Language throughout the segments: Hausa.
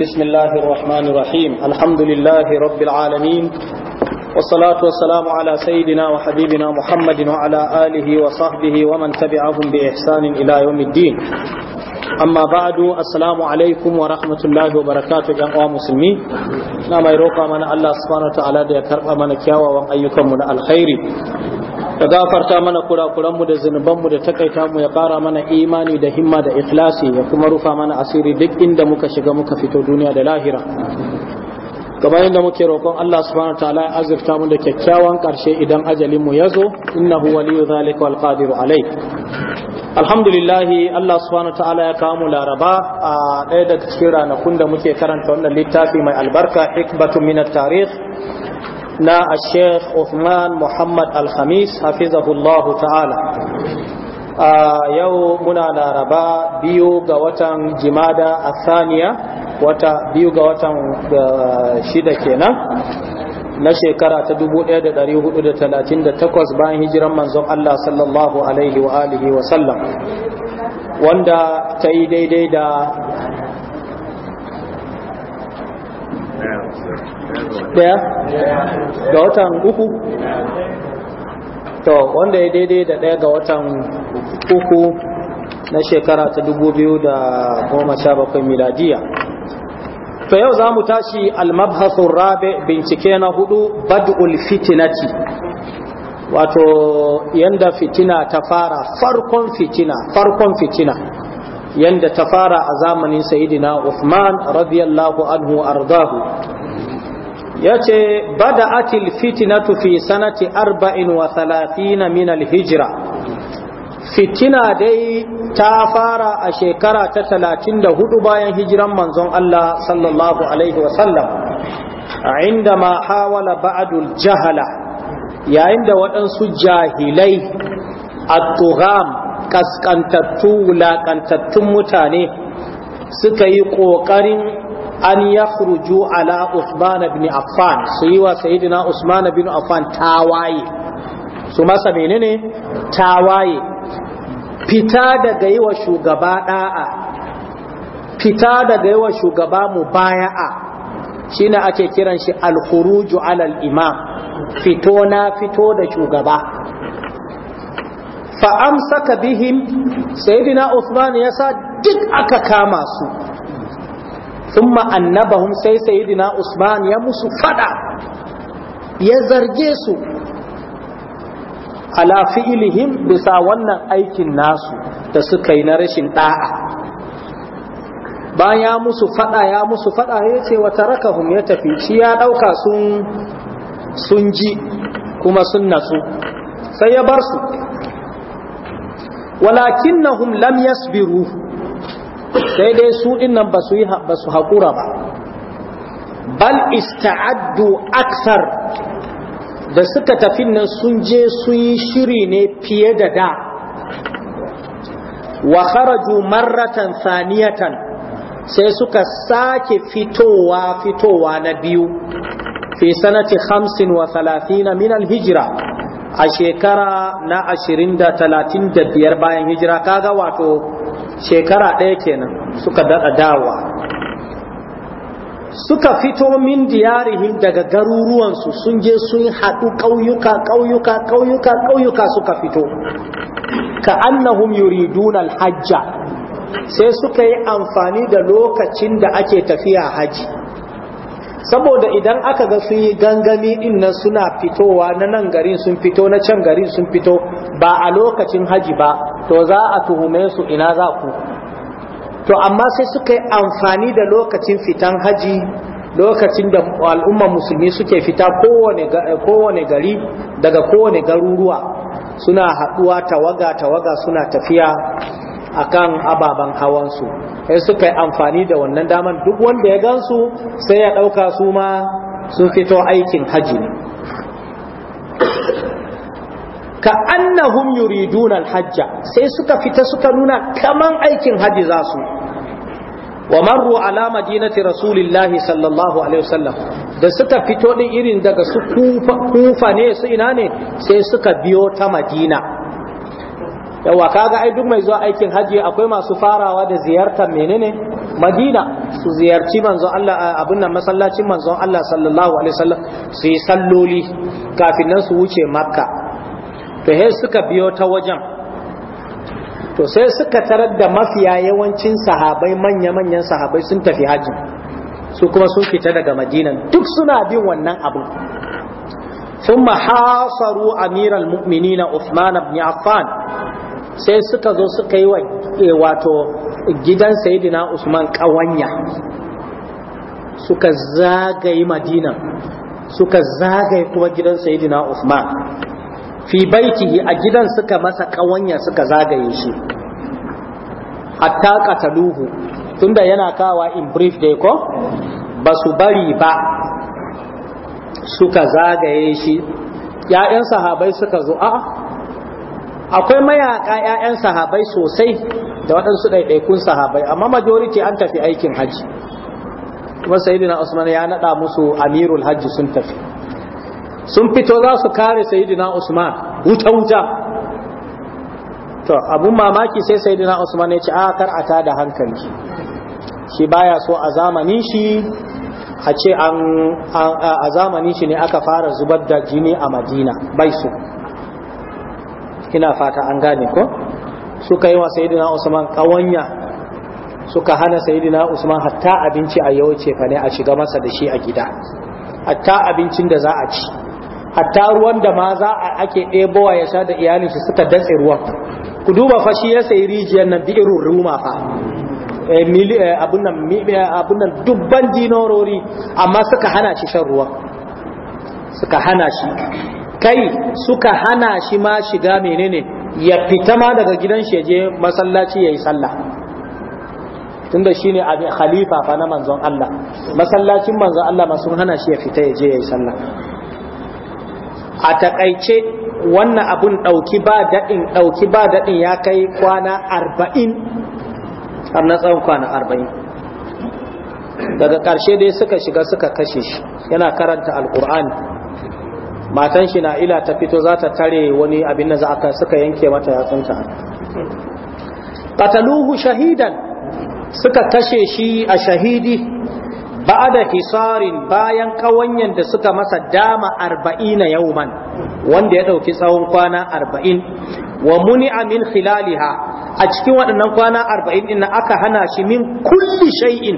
بسم الله الرحمن الرحيم الحمد لله رب العالمين والصلاة والسلام على سيدنا وحبيبنا محمد وعلى آله وصحبه ومن تبعهم بإحسان إلى يوم الدين أما بعد السلام عليكم ورحمة الله وبركاته جمع مسلمين نعم يروقى من الله سبحانه وتعالى دي من كياوة وأيكم من الخير ka gafarta mana kurakuranmu da mu da takaita mu ya kara mana imani da himma da ikhlasi ya kuma rufa mana asiri duk inda muka shiga muka fito duniya da lahira kamar yadda muke roƙon Allah subhanahu ta'ala ya azurta mu da kyakkyawan ƙarshe idan ajalin mu yazo innahu waliyu zalika wal alai. Alhamdu alhamdulillah Allah subhanahu ta'ala ya kawo mu laraba a ɗaya daga cikin ranakun da muke karanta wannan littafi mai albarka hikbatu min tarikh na a sheikh Uthman Muhammad Al-Khamis hafizahullahu ta'ala a yau muna laraba biyu ga watan jimada a saniya wata biyu ga watan shida kenan na shekara ta 1438 bayan hijiran manzon Allah sallallahu alaihi wa alihi wa sallam wanda ta yi daidai da daya ga watan uku to wanda ya daidai da daya ga watan uku na shekara ta sha 2017 miladiya to yau za mu tashi almabhasun rabe bincike na hudu bad'ul fitinati wato yanda fitina ta fara farkon fitina farkon fitina yanda ta fara a zamanin sayidina Uthman radiyallahu anhu ardahu ya ce bada atil fitinatu fi sanati arba'in wa thalathina min fitina dai ta fara a shekara ta talatin da hudu bayan hijiran manzon Allah sallallahu alaihi wasallam inda ma hawala ba'adul jahala yayin da waɗansu jahilai at-tugham kaskantattu wulaƙantattun mutane suka yi ƙoƙarin an yakhruju ala Usman bin Affan su yi wa sayyidina Usman bin Affan tawaye su masa menene tawaye fita daga yi wa shugaba da'a fita daga yi wa shugaba shi shine ake kiran shi al-khuruju ala al-imam fito na fito da shugaba saka bihim sayidina Usman ya sa duk aka kama su thumma annabahum sai sayyidina usman ya musu fada ya zarge su ala fi'ilihim bisa wannan aikin nasu da suka yi na rashin da'a Ba ya musu fada ya musu fada ya ce raka hum ya tafi shi ya dauka sun ji kuma sun natsu sai ya bar su walakinnahum lam yasbiru sai dai su dinnan ba su haƙura ba bal ista'addu aksar da suka tafi nan sun je sun yi shiri ne fiye da da wa kharaju marratan saniyatan sai suka sake fitowa fitowa na biyu fi sanati 35 min al a shekara na ashirin da talatin da biyar bayan hijira kaga wato shekara ɗaya kenan suka daɗa dawa suka fito min diyarihim daga garuruwansu sun je sun haɗu ƙauyuka ƙauyuka ƙauyuka ƙauyuka suka fito ka annahum yuriduna hajja sai suka yi amfani da lokacin da ake tafiya haji saboda idan aka ga sun yi gangami din nan suna fitowa na nan garin sun fito na can garin sun fito ba a lokacin haji ba to za a tuhume su ina za ku to amma sai suka yi amfani da lokacin fitan haji lokacin da al'umma musulmi suke fita kowane gari daga kowane garuruwa suna haɗuwa tawaga tawaga suna tafiya akan ababen hawansu sai suka yi amfani da wannan daman duk wanda ya gansu sai ya ɗauka su ma sun fito aikin hajji ne ka annahum yuriduna alhajja sai suka fita suka nuna kaman aikin hajji za su wa marru ala madinati rasulillahi sallallahu alaihi wasallam da suka fito din irin daga su kufa ne su ina ne sai suka biyo ta madina yawa kaga ai duk mai zuwa aikin hajji akwai masu farawa da ziyartar menene madina su ziyarci manzon Allah abin nan masallacin manzon Allah sallallahu alaihi wasallam su yi salloli kafin nan su wuce makka to he suka biyo ta wajen to sai suka tarar da mafiya yawancin sahabai manya-manyan sahabai sun tafi hajji su kuma sun fita daga madina duk suna bin wannan abin ثم حاصروا أمير المؤمنين عثمان بن عفان sai suka zo suka yi wa eh, wato gidan sayidina usman ƙawanya suka zagaye madina suka zagaye kuma gidan sayidina usman fi baiti a gidan suka masa kawanya suka zagaye shi hatta kataluhu tunda yana kawa in brief dai ko ba su bari ba suka zagaye shi ya'yan sahabai suka zo a'a akwai mayaka yayan sahabai sosai da waɗansu ɗaiɗaikun sahabai amma majority an tafi aikin hajji kuma sayyidina usman ya naɗa musu amirul hajji sun tafi sun fito za su kare sayyidina usman wuta wuta to abun mamaki sai sayyidina usman ya ce a ah, kar a tada hankali shi baya so a zamanin shi a ce a zamanin shi ne aka fara zubar da jini a madina bai so ina fata an gane ko suka yi wa sayyidina usman kawanya suka hana sayyidina usman hatta abinci a yau ce fa ne a shiga masa da shi a gida hatta abincin da za a ci hatta ruwan da ma za a ake ɗebowa ya sha da iyalin shi suka datse ruwan ku duba fa shi ya sayi rijiyar nan bi'irun ruma fa eh, eh, eh, abun nan dubban dinorori amma suka hana shi shan ruwan suka hana shi kai suka hana shi ma shiga menene ya fita ma daga gidan shi je masallaci yayi sallah tunda shine abin khalifa fa na manzon Allah masallacin manzon Allah ma sun hana shi ya fita ya je yayi sallah a takaice wannan abun dauki ba dadin dauki ba dadin ya kai kwana 40 har na tsawon kwana 40 daga ƙarshe dai suka shiga suka kashe shi yana karanta alkur'ani matan shi na ila ta fito za ta tare wani abin da za suka yanke mata yatsunta qataluhu shahidan suka kashe shi a shahidi ba'ada hisarin bayan kawanyan da suka masa dama arba'ina yauman wanda ya dauki tsawon kwana arba'in wa muni'a min khilaliha a cikin waɗannan kwana arba'in din aka hana shi min kulli shay'in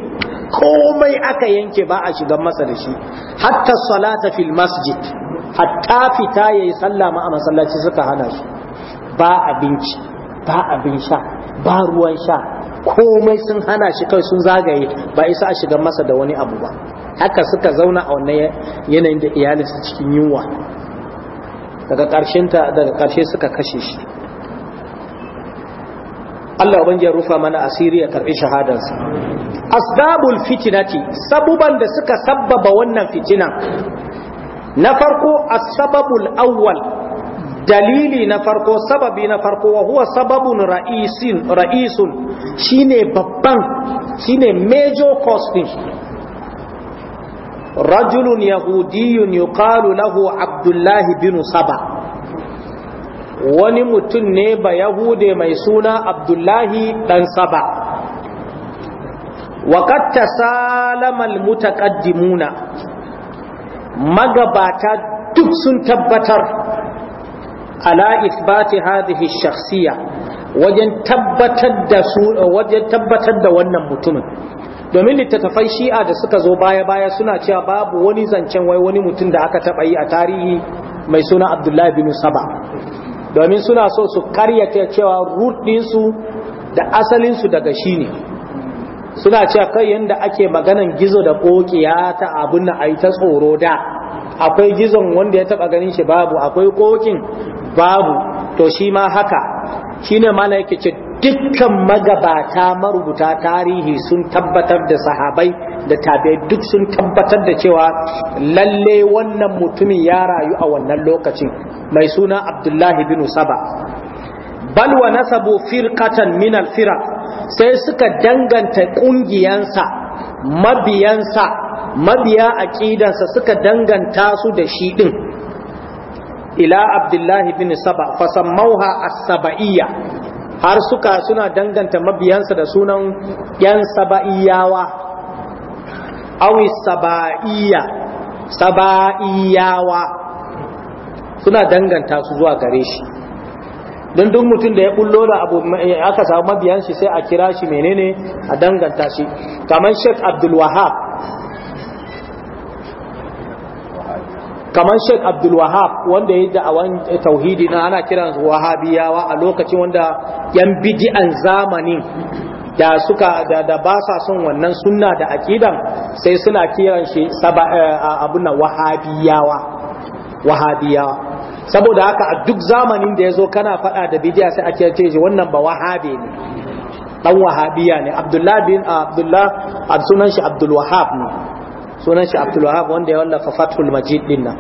komai aka yanke ba a shiga masa da shi hatta salata fil masjid hatta fita yayi sallah ma a masallaci suka hana shi ba abinci ba abin sha ba ruwan sha komai sun hana shi kai sun zagaye ba isa a shiga masa da wani abu ba haka suka zauna a wannan yanayin da iyalinsa cikin yunwa daga ƙarshenta ƙarshe suka kashe shi Allah ban ya rufa mana asiri ya karɓi shahadarsa asbabul fitinati sabuban da suka sabbaba wannan fitinan na farko a asbabul awwal dalili na farko sababi na farko wa huwa sababun ra'isin ra'isun shine babban shine major costing rajulun yahudiyun yuqalu lahu abdullahi bin saba wani mutum ne ba yahude mai suna abdullahi dan saba وقد تسالم mutaqaddimuna magabata duk sun tabbatar ala isbati hadhihi shakhsiya wajen tabbatar da su wajen tabbatar da wannan mutumin domin littattafai shi'a da suka zo baya-baya suna cewa babu wani zancen wai wani mutum da aka taɓa yi a tarihi mai suna abdullahi bin saba domin suna so su karyata cewa rudinsu da asalinsu daga shi ne suna cewa kai yanda ake maganan gizo da kokiya ta abun na ai ta tsoro da akwai gizon wanda ya taba ganin shi babu akwai kokin babu to shi ma haka shine mala yake ce dukkan magabata marubuta tarihi sun tabbatar da sahabai da tabi'ai duk sun tabbatar da cewa lalle wannan mutumin ya rayu a wannan lokacin mai suna Abdullahi bin Saba Balwa wa nasabu firqatan min al sai suka danganta kungiyansa mabiyansa mabiya aqidansa suka danganta su da shi din ila abdullahi bin saba fasammauha as-saba'iyya har suka suna danganta mabiyansa da sunan yan saba'iyawa awi saba'iyya saba'iyawa suna danganta su zuwa gare shi don duk mutum da ya bullo da abu aka samu mabiyan shi sai a kira shi menene a danganta shi kamar Sheikh Abdul Wahab kamar Sheikh Abdul Wahab wanda ya yi da'awan eh, tauhidi na ana kiran wahabiyawa a lokacin wanda yan bidi'an zamani da suka da, da ba sa son wannan sunna da aqidan sai suna kiran shi eh, abun nan wahabiyawa wahabiyawa saboda haka a duk zamanin da ya zo kana faɗa da bidiya sai ake ce wannan ba wahabe ne dan wahabiya ne abdullah bin ah, abdullah ah, sunan shi abdul wahab ne sunan shi abdul wahab wanda ya wallafa fathul majid din nan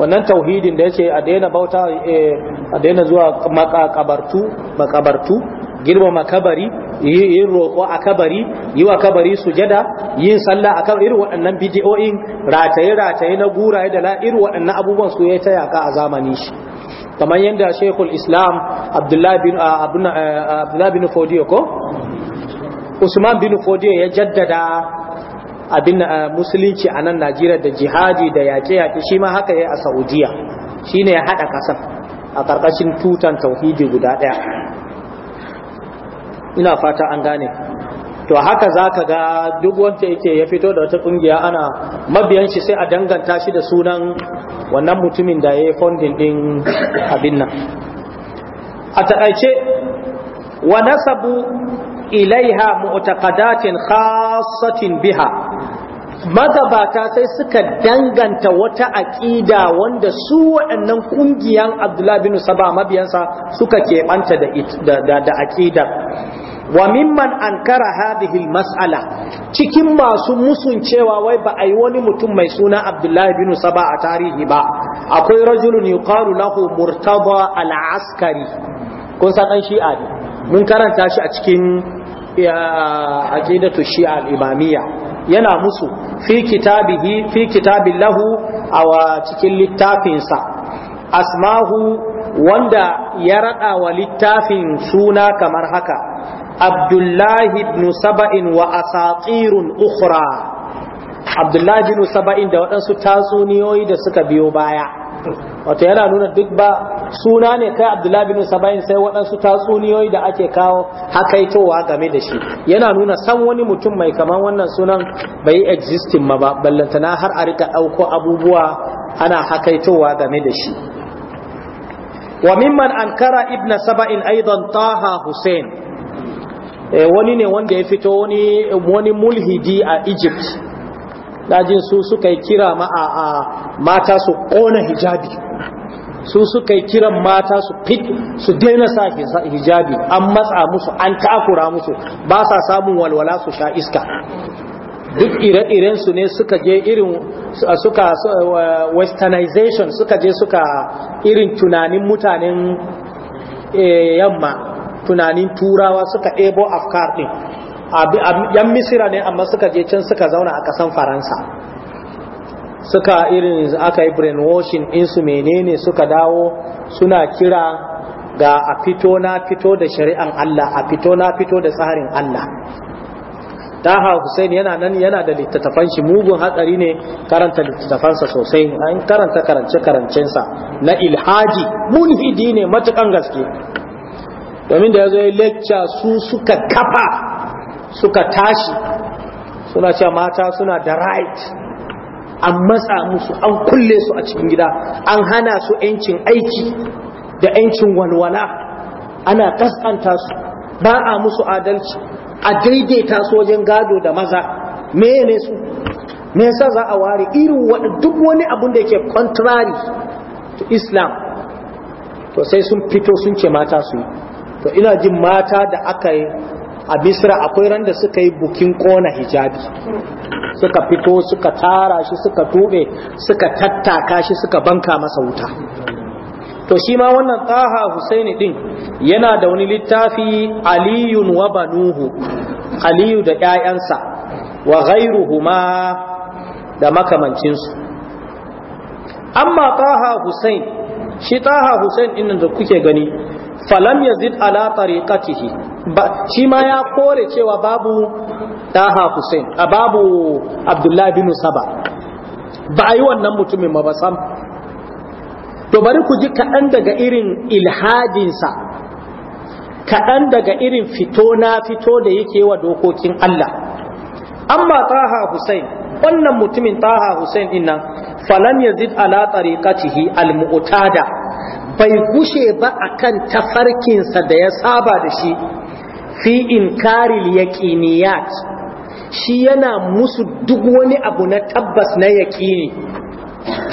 wannan tauhidin da yake a daina bauta eh, a daina zuwa makabartu makabartu girma makabari yin roƙo a kabari yi wa kabari sujada yin sallah a kabari irin waɗannan bidiyoyin rataye rataye na guraye da irin waɗannan abubuwan su ya taya ka a zamani shi kamar yadda shekul islam abdullahi bin fodiyo ko usman bin fodiyo ya jaddada abin musulunci a nan najeriya da jihadi da yaƙe-yaƙe shi ma haka ya yi a saudiya ne ya haɗa ƙasar a ƙarƙashin tutan tauhidi guda ɗaya ina fata an gane to haka za ka ga duk wanda yake ya fito da wata kungiya ana mabiyan shi sai a danganta shi da sunan wannan mutumin da ya yi fondin din abin nan a taƙaice wa nasabu ilaiha mu'taqadatin khassatin biha magabata sai suka danganta wata aƙida wanda su waɗannan ƙungiyan abdullahi bin saba mabiyansa suka keɓanta da aƙidar wa mimman ankara hadhihi mas'ala cikin masu musun cewa wai ba a yi wani mutum mai suna Abdullahi bin Saba a tarihi ba akwai rajulun yuqalu lahu Murtada al-Askari kun san dan Shi'a ne mun karanta shi a cikin aqidatu Shi'a al-Imamiyya yana musu fi kitabihi fi kitabillahu aw cikin littafinsa asmahu wanda ya rada wa littafin suna kamar haka abdullahi ibn saba'in wa asatirun ukhra abdullahi ibn da waɗansu tatsuniyoyi da suka biyo baya wato yana nuna duk ba suna ne kai abdullahi ibn saba'in sai waɗansu tatsuniyoyi da ake kawo hakaitowa game da shi yana nuna san wani mutum mai kaman wannan sunan bai existin ma ba ballantana har a rika ɗauko abubuwa ana hakaitowa game da shi وممن Ankara ibna Saba'in aidan Taha Hussein. Eh, wani ne wanda ya fito wani wani mulhidi a Egypt dajin su suka yi kira ma a mata su kona hijabi su suka yi kiran mata su fit su daina sa hijabi an matsa musu an takura musu ba sa samun walwala su sha iska duk ire-iren su ne suka je irin suka westernization suka je suka irin tunanin mutanen eh, yamma tunanin turawa suka ebo afkar din yan misira ne amma suka je can suka zauna a ƙasan faransa suka irin aka yi brainwashing su menene suka dawo suna kira ga a fito na fito da shari'an Allah a fito na fito da tsarin Allah Taha Hussein yana nan yana da littattafan shi mugun hatsari ne karanta littattafansa sosai an karanta karance karancensa na ilhaji munhidi ne matukan gaske domin da ya zo ya lecture su suka kafa suka tashi suna cewa mata suna da right an matsa musu an kulle su a cikin gida an hana su 'yancin aiki da 'yancin walwala ana kaskanta su ba a musu adalci a daidaita su wajen gado da maza mene su me yasa za a ware irin duk wani abun da yake contrary to islam to sai sun fito sun ce mata su to ina jin mata da aka yi a Misira akwai randa suka yi bukin kona hijabi suka fito suka tara shi suka tube suka tattaka shi suka banka masa wuta to shi ma wannan taha husaini din yana da wani littafi aliyun wa banuhu aliyu da 'ya'yansa wa ghairuhuma da makamancinsu amma taha husain shi taha husain din da kuke gani falam yazid ala tariqatihi shi ma ya kore cewa babu taha Hussein a babu Abdullahi bin Saba ba a yi wannan mutumin ba sam to bari ku ji kaɗan daga irin ilhadinsa kaɗan daga irin fito na fito da yake wa dokokin Allah amma taha Hussein wannan mutumin taha Hussein dinnan falam yazid ala tariqatihi al-mu'tada bai kushe ba a kan tafarkinsa da ya saba da shi fi inkaril yaƙiniyat shi yana musu duk wani abu na tabbas na yaƙini.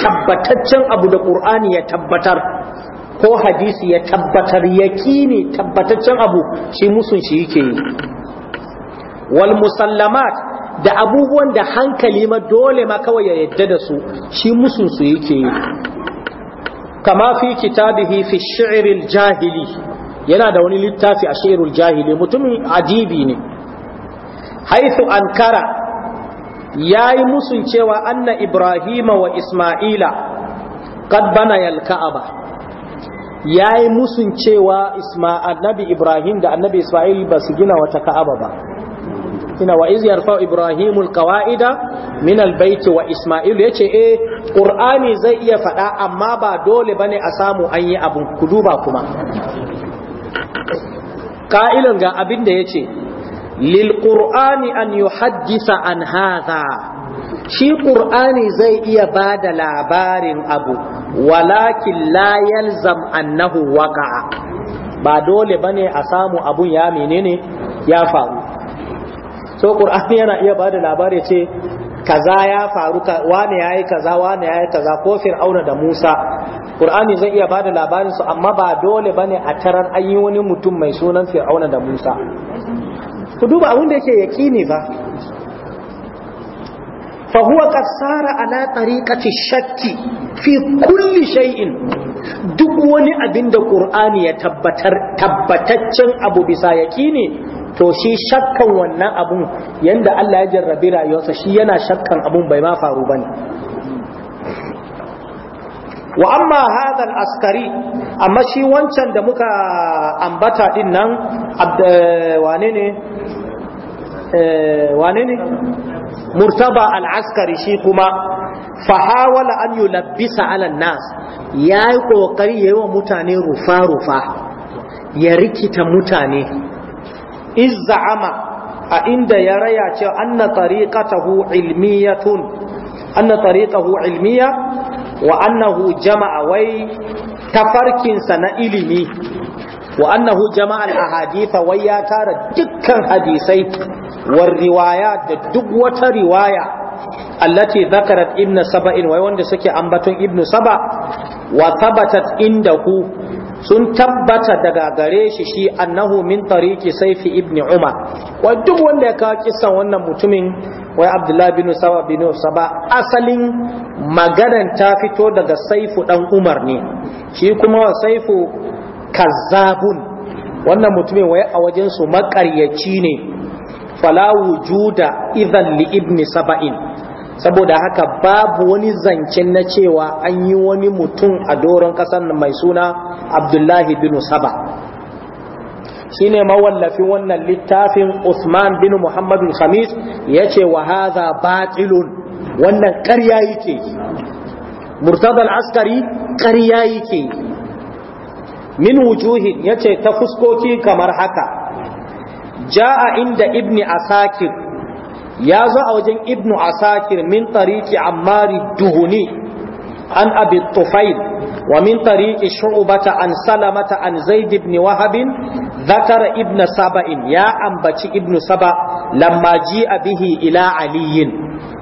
tabbataccen abu da ƙur'ani ya tabbatar ko hadisi ya tabbatar yaƙini tabbataccen abu shi musun shi yake yi wal musallamat da abubuwan da hankali ma dole ma kawai ya yadda da su shi musun su yake yi kama fi kitabihi fi shi'ril jahili yana da wani littafi a shi'rul jahili mutumin ajibi ne haithu ankara yayi musun cewa anna ibrahima wa isma'ila qad bana yal ka'aba yayi musun cewa annabi ibrahim da annabi isma'il ba su gina wata ka'aba ba ina wa iz yarfa ibrahimu alqawaida min wa isma'il yace eh ƙur'ani zai iya faɗa amma ba dole ne a samu an yi abun ku ba kuma ka'ilan ga abin da yace lil ƙur'ani an yuhaddisa an hadha shi ƙur'ani zai iya bada labarin abu walakin la annahu waqa'a ba dole bane a samu abun ya menene ya faru so qur'ani yana iya bada labari ce kaza ya faru ka wani yayi kaza wani yayi kaza ko fir'auna da Musa qur'ani zai iya bada labarin su amma ba dole bane a tarar an yi wani mutum mai sunan fir'auna da Musa ku duba abin da yake yaqini ba fa huwa qad sara ala tariqati shakki fi kulli shay'in duk wani abin da qur'ani ya tabbatar tabbataccen abu bisa yaqini to shi shakkan wannan abun yanda Allah ya jarrabi rayuwarsa shi yana shakkan abun bai ma faru bane wa amma hadal askari amma shi wancan da muka ambata din nan eh, wane ne eh, wane ne murtaba al-askari shi kuma fahawala an yulabbisa ala nas yayi kokari yayi wa mutane rufa rufa ya rikita mutane izza'ama a inda ya raya ce anna tariqatahu ilmiyatun anna tariqahu ilmiya wa annahu jama'a wai tafarkinsa na ilimi wa annahu jama'a al wai ya tara dukkan hadisai war riwaya da duk wata riwaya allati dhakarat ibnu saba'in wai wanda suke ambaton ibnu saba wa thabatat indahu sun tabbata daga gare shi shi annahu min tariki saifi ibn umar wa duk wanda ya kawo kisan wannan mutumin wai abdullahi bin sawa bin saba asalin maganan ta fito daga saifu dan umar ne shi kuma wa saifu kazzabun wannan mutumin wai a wajen su makaryaci ne fala wujuda idan li ibn saba'in saboda haka babu wani zancen na cewa an yi wani mutum a doron ƙasar mai suna abdullahi bin saba shi ne mawallafin wannan littafin usman bin Muhammadu khamis ya ce wa haza batilun wannan ƙarya yake murtadal askari ƙarya yake min wujuhin ya ce ta fuskoki kamar haka ja'a inda ibni asakir ya zo a wajen ibnu asakir min tariki ammari duhuni an abi tufail wa min tariki shu'bata an salamata an zaid ibn wahab zakara ibn saba'in ya ambaci ibn saba lamma ji'a bihi ila aliyin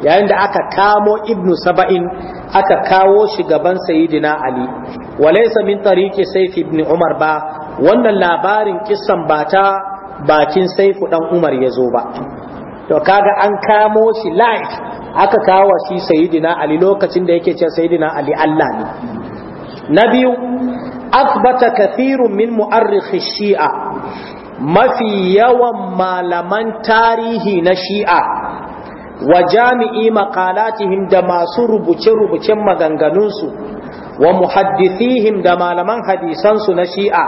yayin da aka kamo ibnu saba'in aka kawo shi gaban sayyidina ali walaysa min tariqi sayf ibn umar ba wannan labarin kissan ba ta bakin saifu dan umar ya zo ba to kaga an kamo shi live aka kawo shi sayidina ali lokacin da yake ce sayidina ali Allah ne na biyu asbata kathiru min mu'arrikh shi'a mafi yawan malaman tarihi na shi'a wa jami'i maqalatihim da masu rubuce-rubucen maganganunsu wa muhaddithihim da malaman hadisansu na shi'a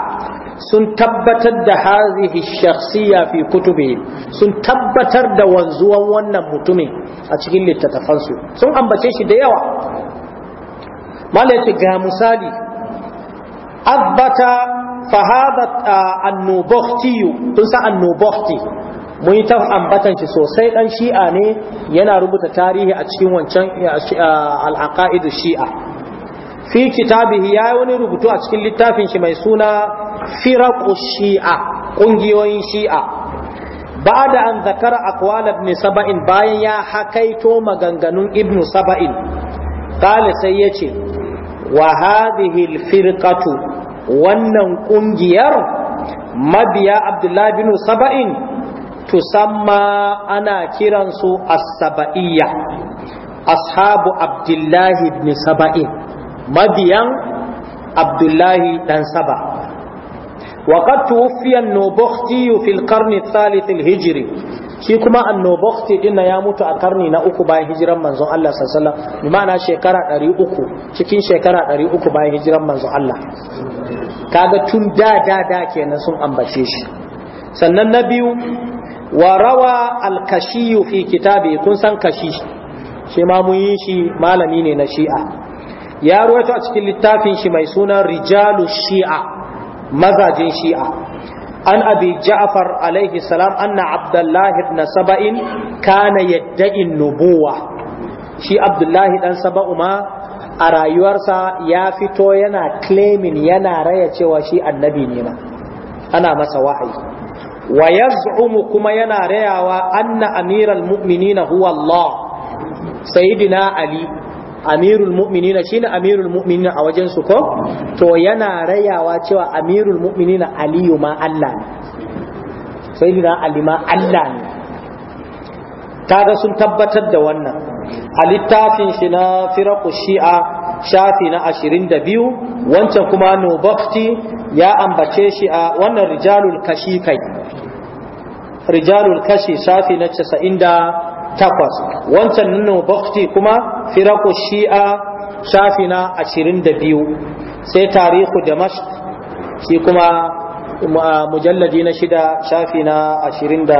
sun tabbatar da hazihi shakhsiya fi kutubi sun tabbatar da wanzuwan wannan mutumin a cikin littattafansu sun ambace shi da yawa malaci ga misali abbata fahabat annubaktiyu tun sa annubakti mun ta ambatan shi sosai dan shi'a ne yana rubuta tarihi a cikin wancan al-aka'idu shi'a fi kitabihi ya yi wani rubutu a cikin littafin shi mai suna firaku shi'a ƙungiyoyin shi'a ba da an zakara akwal ibn saba'in bayan ya hakaito maganganun ibn saba'in kala sai ya ce wa hadhihi firqatu wannan ƙungiyar mabiya abdullahi bin saba'in tusamma ana kiransu as-saba'iyya ashabu abdullahi ibn saba'in mabiyan abdullahi dan saba وقد توفي النوبختي في القرن الثالث الهجري shi kuma annobokti din na ya mutu a karni na uku bayan hijiran manzon Allah sallallahu alaihi wasallam ma'ana shekara 300 cikin shekara 300 bayan hijiran manzon Allah kaga tun da da da kenan sun ambace shi sannan na biyu wa rawa al-kashi fi kitabi kun san kashi shi ma mun yi shi malami ne na shi'a ya ruwaito a cikin littafin shi mai suna rijalu shi'a mazajin shi'a an abi ja'far alaihi salam anna abdullahi ibn saba'in kana yadda'in nubuwa shi abdullahi dan saba'u ma a rayuwarsa ya fito yana claiming yana raya cewa shi annabi ne ma ana masa wahayi wa yaz'umu kuma yana rayawa anna amiral mu'minina huwa Allah sayyidina ali amirul mu'minina shine amirul mu'minina a wajen su ko to yana rayawa cewa amirul mu'minina aliyu ma Allah ne sayyidina ali ma Allah ne kaga sun tabbatar da wannan a littafin shi na firaku shi'a shafi na ashirin da biyu wancan kuma nobakti ya ambace shi a wannan rijalul kashi kai rijalul kashi shafi na casa'in da takwas wancan nuna bakti kuma firako shi'a shafi na ashirin da biyu sai tarihu damashq shi kuma mujallaji na shida shafi na ashirin da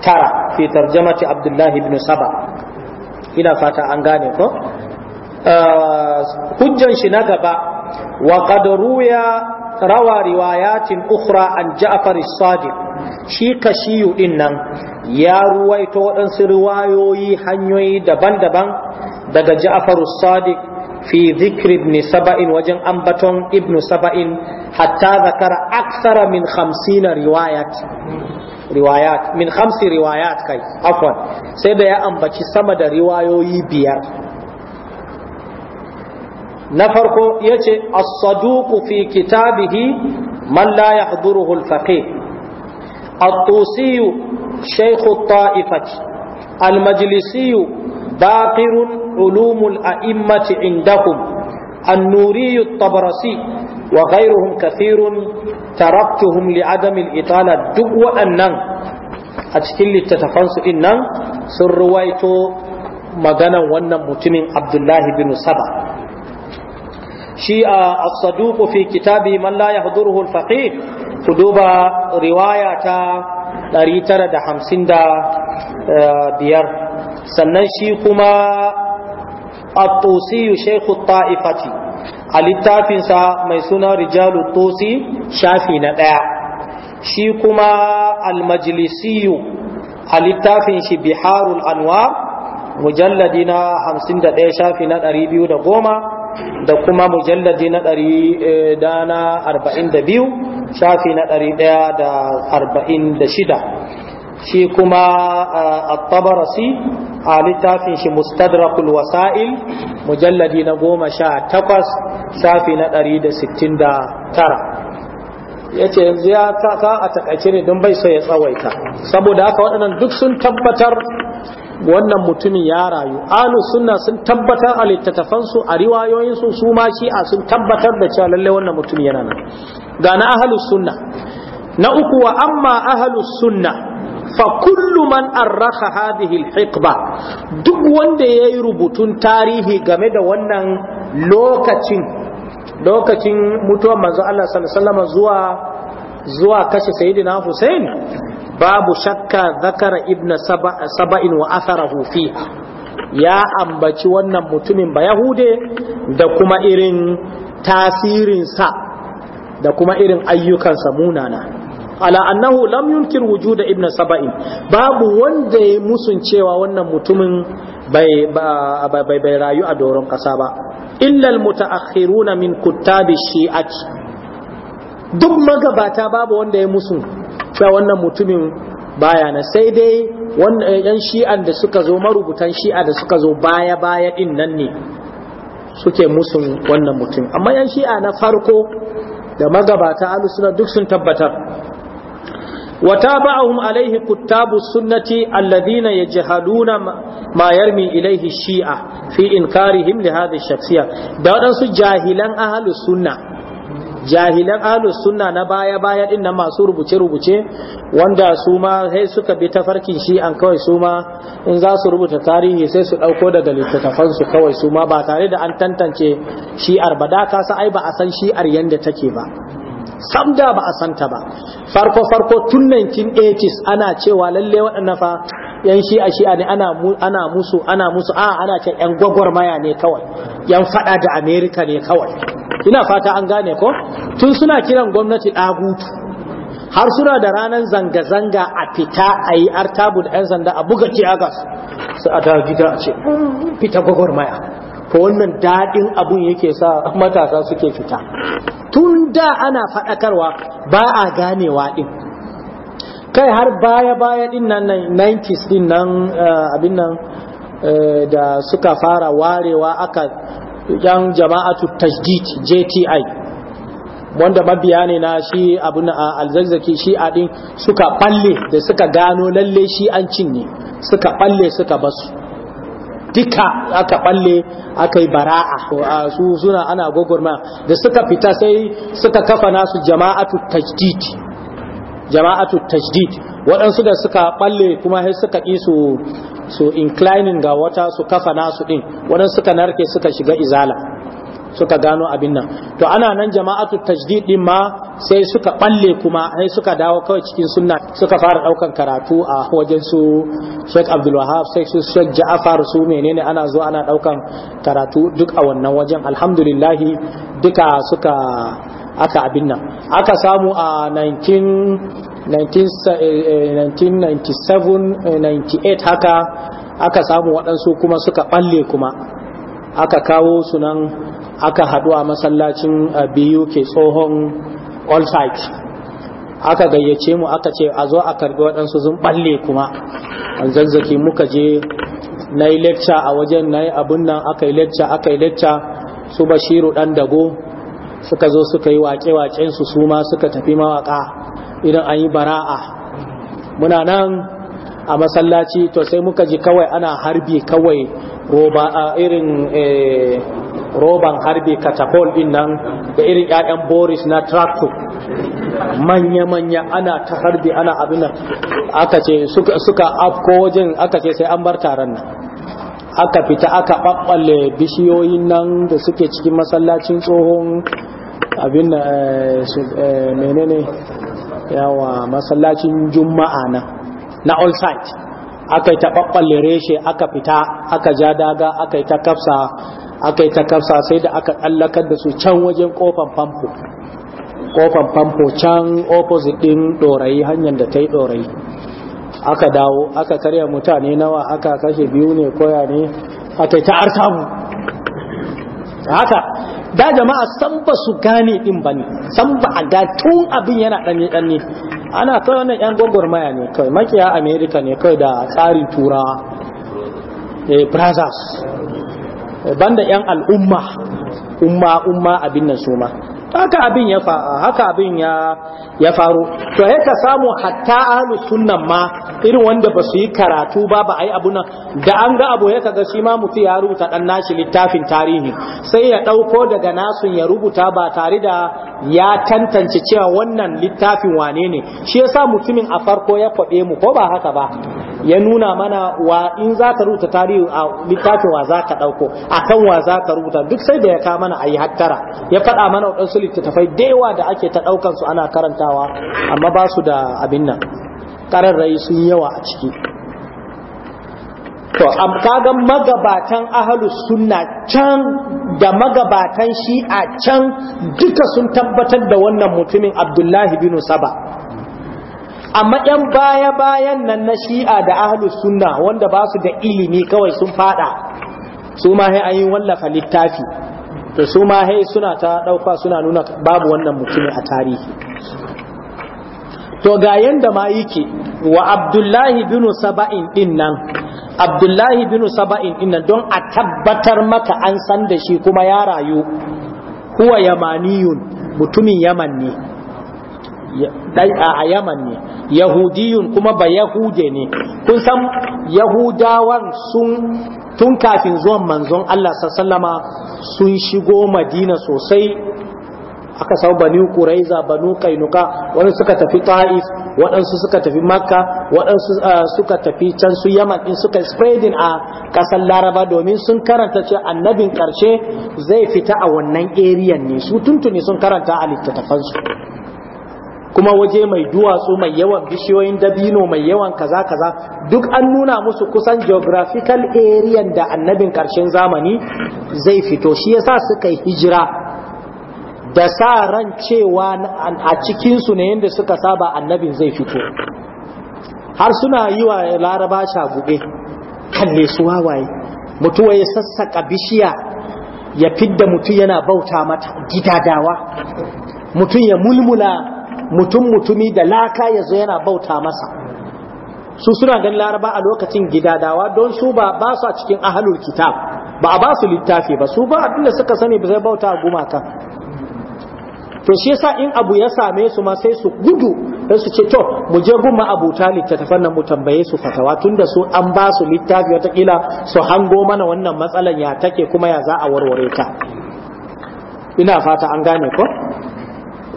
tara fi tarjamati abdullahi ibn saba ina fata an gane ko hujjan shi na gaba wa qad ya rawa riwayatin ukhra an Ja'far as-Sadiq shi kashiyu din nan ya ruwaito waɗansu riwayoyi hanyoyi daban-daban daga Ja'far sadiq fi dhikr ibn Saba'in wajen ambaton ibn Saba'in hatta zakara akthara min 50 riwayat riwayat min khamsi riwayat kai afwan sai da ya ambaci sama da riwayoyi biyar na farko yace as-saduq fi kitabihi man la yahduruhu al-faqih at-tusi shaykh at-ta'ifati al-majlisi باقر علوم الأئمة عندهم النوري الطبرسي وغيرهم كثير تركتهم لعدم الإطالة دقوة أنن أتكل التتفنس إنن سرويت مغانا ونن متمن عبد الله بن سبع شيء الصدوق في كتابه من لا يحضره الفقيه كدوب رواية 955 sannan shi kuma a tusi shaykhu ta'ifati a littafinsa mai suna rijalu tusi shafi na ɗaya shi kuma al-majlisiyu a littafin shi biharul anwar mujalladi na 51 shafi na 210 da kuma mujalladi na ɗari eh, da na arba'in da biyu shafi na ɗari ɗaya da arba'in da shida shi kuma at-tabarasi a littafin shi mustadrakul wasa'il mujalladi na goma sha takwas safi na ɗari da sittin da tara ya ce yanzu ya kaka a takaice ne don bai so ya tsawaita saboda haka waɗannan duk sun tabbatar wannan mutumin ya rayu alu sunna sun tabbatar a littattafansu a riwayoyinsu su ma a sun tabbatar da cewa lallai wannan mutum yana nan ga na ahalus sunna na uku wa amma ahalus sunna fa kullu man arraha hadhihi alhiqba duk wanda yayi rubutun tarihi game da wannan lokacin lokacin mutuwar manzo Allah sallallahu alaihi wasallam zuwa zuwa kashe sayyidina Hussein babu shakka zakara ibn saba'in wa atharahu ya ambaci wannan mutumin ba yahude da kuma irin tasirinsa da kuma irin ayyukansa munana ala annahu lam yunkir wujuda ibn saba'in babu wanda ya musun cewa wannan mutumin bai bai bai rayu a doron kasa ba illa almutaakhiruna min kuttabi shi'ati duk magabata babu wanda ya musun cewa wannan mutumin baya na sai dai yan shi'an da suka zo marubutan shi'a da suka zo baya baya din nan ne suke musun wannan mutum amma yan shi'a na farko da magabata alusuna duk sun tabbatar وتابعهم alaihi kuttabu sunnati الذين يجهلون ما يرمي إليه الشيعة في إنكارهم لهذه الشخصية دعنا جاهلا أهل السنة jahilan ahli sunna na baya baya din nan masu rubuce rubuce wanda su ma sai suka bi tafarkin shi an kawai su ma in za su rubuta tarihi sai su dauko daga littattafan su kawai su ma ba tare da an tantance shi'ar ba da ka sa ai ba a san shi'ar yanda take ba sam ba a santa ba farko farko tun 1980s ana cewa lalle waɗannan fa yan shi shi'a shi'a ne ana musu ana musu a ana ce yan gwagwarmaya ne kawai yan fada da Amerika ne kawai ina fata an gane ko tun suna kiran gwamnati dagutu har suna da ranar zanga-zanga a fita a yi artabu da 'yan sanda a buga agas su a gida a ce fita gwagwarmaya ko wannan daɗin abun yake sa matasa suke fita tun da ana faɗakarwa ba a ganewa ɗin kai har baya-baya ɗin nan 90s ɗin nan eh, abin nan eh, da suka fara warewa aka yan jama'atu tajdid jti wanda mabiya ne na shi abu na alzazzaki shi a ɗin suka balle da suka gano lalle shi an cinne suka balle suka basu duka aka balle aka yi bara'a su suna ana gogorma da suka fita sai suka kafa nasu jama'atu tajdid jama'atu tajdid waɗansu da suka balle kuma sai suka ƙi su so inclining ga wata su kafa nasu din waɗansu suka narke suka shiga izala suka gano abin nan to ana nan jama'atu tajdid din ma sai suka balle kuma sai suka dawo kawai cikin sunna suka fara daukan karatu a wajen su Sheikh Abdul Wahab sai su Sheikh Ja'far su menene ana zo ana daukan karatu duk a wannan wajen alhamdulillah duka suka aka abin nan aka samu a 1997 98 eh, eh, haka aka samu waɗansu kuma suka balle kuma aka kawo sunan aka haɗu a masallacin eh, biyu ke tsohon all site aka gayyace mu aka ce a zo a karbi waɗansu zun ɓalle kuma zazzaki muka je na yi lecture a wajen na yi abun nan aka yi lecture aka yi lecture su bashiru ɗan dago suka zo suka yi waƙe-waƙen su ma suka tafi mawaƙa idan an yi bara'a muna nan a masallaci to sai muka ji kawai ana harbi kawai roba a irin eh, roban harbi katakol din nan da irin ƴaƴan boris na tractor manya-manya ana ta harbi ana abin nan aka ce suka afko wajen aka ce sai an bar taron nan aka fita aka ɓaɓɓalle bishiyoyin nan da suke cikin masallacin tsohon abin da eh, eh, menene yawa masallacin juma'a na na all site aka yi ta ɓaɓɓalle reshe aka fita aka ja daga aka yi ta kafsa aka yi ta sai da aka tsallakar da su can wajen kofan famfo kofan famfo can opposite din dorayi hanyar da ta yi dorayi aka dawo aka karya mutane nawa aka kashe biyu ne koya ne aka yi ta'ar samu haka da jama'a san ba su gane din ba ne san ba a ga tun abin yana ɗanye ɗanye ana kawai wannan yan gwagwarmaya ne kawai makiya america ne kawai da tsarin turawa eh brothers banda yan al'umma umma umma abin nan su haka abin ya fa haka abin ya ya faru to ya ka samu hatta ahlu sunnan ma irin wanda ba su yi karatu ba ba ai abuna da an ga abu ya kaga shi ma mutu ya rubuta dan nashi littafin tarihi sai ya dauko daga nasun ya rubuta ba tare da ya tantance cewa wannan littafin wane ne shi yasa mutumin a farko ya kwabe mu ko ba haka ba ya nuna mana wa in za ka rubuta tarihi a littafin wa za ka ɗauko a kan wa za ka rubuta duk sai da ya ka mana a yi hattara ya faɗa mana waɗansu littattafai da yawa da ake ta ɗaukan su ana karantawa amma ba su da abin nan rai sun yawa a ciki to kaga magabatan ahlus sunna can da magabatan shi'a can duka sun tabbatar da wannan mutumin abdullahi bin saba amma yan baya bayan nan na shi'a da ahlus sunna wanda ba su da ilimi kawai sun fada su ma hai ayin wallafa littafi da su ma hai suna ta dauka suna nuna babu wannan mutumin a tarihi to ga yanda ma yake wa abdullahi bin saba'in din nan abdullahi bin saba'in din nan don a tabbatar maka an san da shi kuma ya rayu huwa yamaniyun mutumin yaman ne a yaman ne yahudiyun kuma ba yahude ne kun san yahudawan sun tun kafin zuwan manzon Allah sallama sun shigo madina sosai aka sau banu kuraiza banu kainuka waɗansu suka tafi ta'if waɗansu suka tafi makka waɗansu suka tafi can su yaman in suka spreading a ƙasar laraba domin sun karanta ce annabin ƙarshe zai fita a wannan area ne su tuntuni sun karanta a littattafansu kuma waje mai duwatsu mai yawan bishiyoyin dabino mai yawan kaza kaza duk an nuna musu kusan geographical area da annabin karshen zamani zai fito shi yasa suka yi hijira da sa ran cewa a cikinsu ne yadda suka saba annabin zai fito har suna yi wa laraba shagube kalle su wawaye mutuwa ya sassaka bishiya ya fidda mutum yana bauta mata gidadawa mutum ya mulmula mutum mutumi da laka ya zo yana bauta masa su suna ganin laraba a lokacin gidadawa don su ba ba su a cikin ahalul kitab ba a ba su littafi ba su ba abinda suka sani ba zai bauta gumaka to shi yasa in abu ya same su ma sai su gudu sai su ce to mu je gumma abuta littattafan nan mu tambaye su fatawa tunda su an ba su littafi watakila su hango mana wannan matsalan ya take kuma ya za a warware ta ina fata an gane ko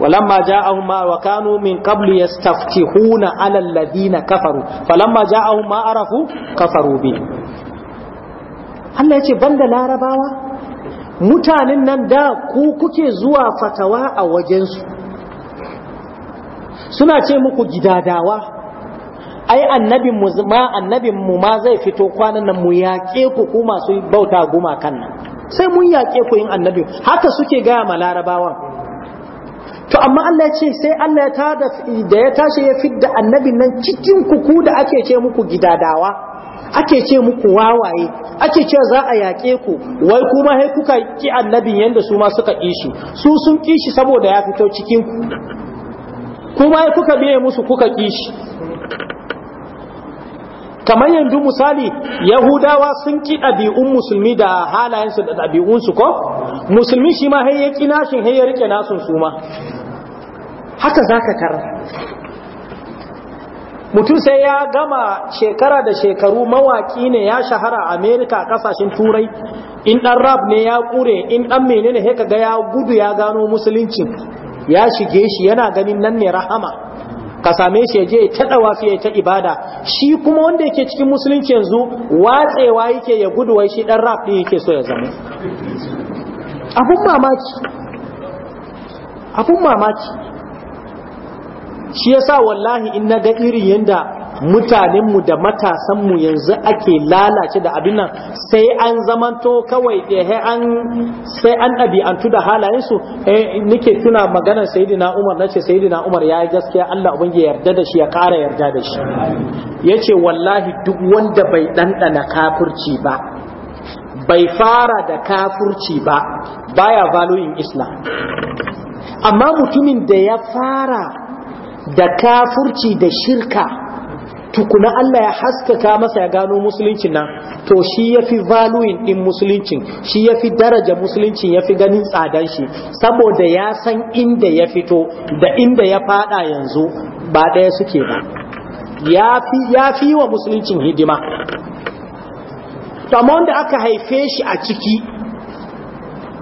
ولما جاءهم ما وكانوا من قبل يستفتحون على الذين كفروا فلما جاءهم ما عرفوا كفروا به Allah ya ce banda larabawa mutanen nan da ku kuke zuwa fatawa a wajensu suna ce muku gidadawa ai annabin mu ma annabin mu ma zai fito kwanan nan mu yaƙe ku ku masu bauta gumakan nan sai mun yaƙe ku yin annabi. haka suke gaya ma larabawan to amma Allah ya ce sai Allah ya tada da ya tashi ya fidda annabin nan cikin kuku da ake ce muku gidadawa ake ce muku wawaye ake ce za a yake ku wai kuma sai kuka ki annabin yanda su ma suka kishi su sun kishi saboda ya fito cikin ku kuma sai kuka biye musu kuka kishi kamar yanzu misali yahudawa sun ki ɗabi'un musulmi da halayensu da ɗabi'unsu ko musulmi shi ma har nashin har nasun su ma haka za ka mutum sai ya gama shekara da shekaru mawaki ne ya shahara a amerika a kasashen turai in dan rap ne ya ƙure in dan menene he ga ya gudu ya gano musuluncin ya shige shi yana ganin nan ne rahama ka same shi ya je ta ya ta ibada shi kuma wanda yake cikin musulunci yanzu watsewa yake ya gudu wai shi dan rap din yake so ya zama abun mamaki abun mamaki shi yasa wallahi in na ga irin yadda mutanenmu da matasanmu yanzu ake lalace da abin nan sai an zamanto kawai sai an ɗabi'antu da halayensu eh, nike tuna maganar sayidina umar na ce sayidina umar ya yi gaskiya allah ubangi ya yarda da shi ya ƙara yarda da shi ya ce wallahi duk wanda bai ɗanɗana kafurci ba bai fara da kafurci ba baya valuing islam amma mutumin da ya fara da kafurci da shirka tukuna Allah ya haskaka masa ya gano musuluncin nan to shi ya fi valuing ɗin musuluncin shi ya fi daraja musuluncin ya fi ganin tsadan shi saboda ya san inda ya fito da inda ya fada yanzu ba ɗaya suke ba ya fi wa musuluncin hidima tamon da aka haife shi a ciki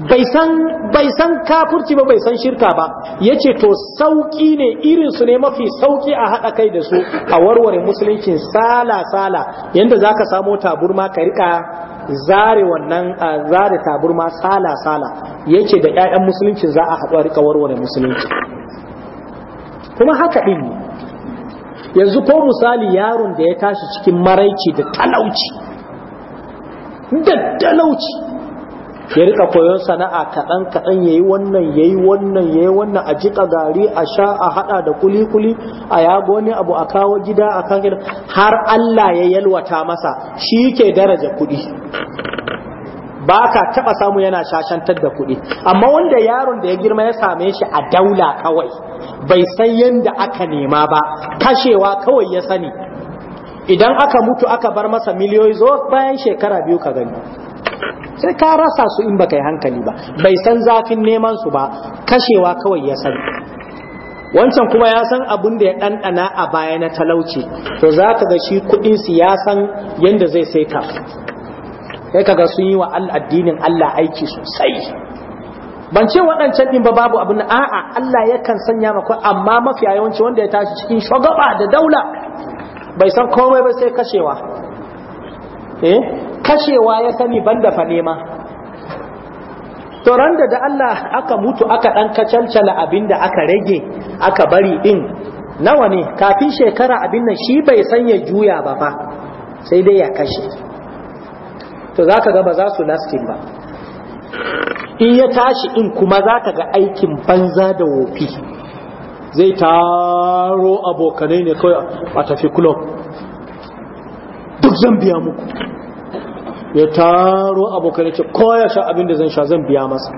bai san kafurci ba bai san shirka ba ya ce to sauƙi ne su ne mafi sauƙi a haɗa kai da su a warware musuluncin sala-sala yadda za ka samo taburma ka rika zare wannan zare taburma sala-sala ya ce da 'ya'yan musuluncin za a haɗu a riƙa warware musulunci kuma haka ɗin yanzu ko misali yaron da ya tashi cikin maraici da talauci da talauci ya rika koyon sana'a kaɗan kaɗan ya yi wannan ya yi wannan ya yi wannan a jiƙa gari a sha a haɗa da kuli-kuli a yago wani abu a kawo gida a kan har Allah ya yalwata masa shi ke daraja kuɗi ba ka taɓa samu yana shashantar da kuɗi amma wanda yaron da ya girma ya same shi a daula kawai bai san yadda aka nema ba kashewa kawai ya sani idan aka mutu aka bar masa miliyoyi zo bayan shekara biyu ka gani sai ka rasa su in baka yi hankali ba bai san zafin neman su ba kashewa kawai ya sani wancan kuma ya san abin da ya ɗanɗana a baya na talauci to za ka ga shi kuɗin su ya san yadda zai sai ka sai ka ga sun yi wa addinin Allah aiki sosai ban ce waɗancan ɗin ba babu abin a'a Allah yakan sanya maka amma mafiya yawanci wanda ya tashi cikin shugaba da daula bai san komai ba sai kashewa eh kashewa ya sani banda fa nema to ran da Allah aka mutu aka dan kacalcala abinda aka rage aka bari din nawa ne kafin shekara abin nan shi bai san ya juya ba fa sai dai ya kashe to zaka ga ba za su lastin ba in ya tashi in kuma zaka ga aikin banza da wofi zai taro abokanai ne kawai a tafi club duk zan biya muku ya taro abokan ya ce koya sha abin da zan sha zan biya masa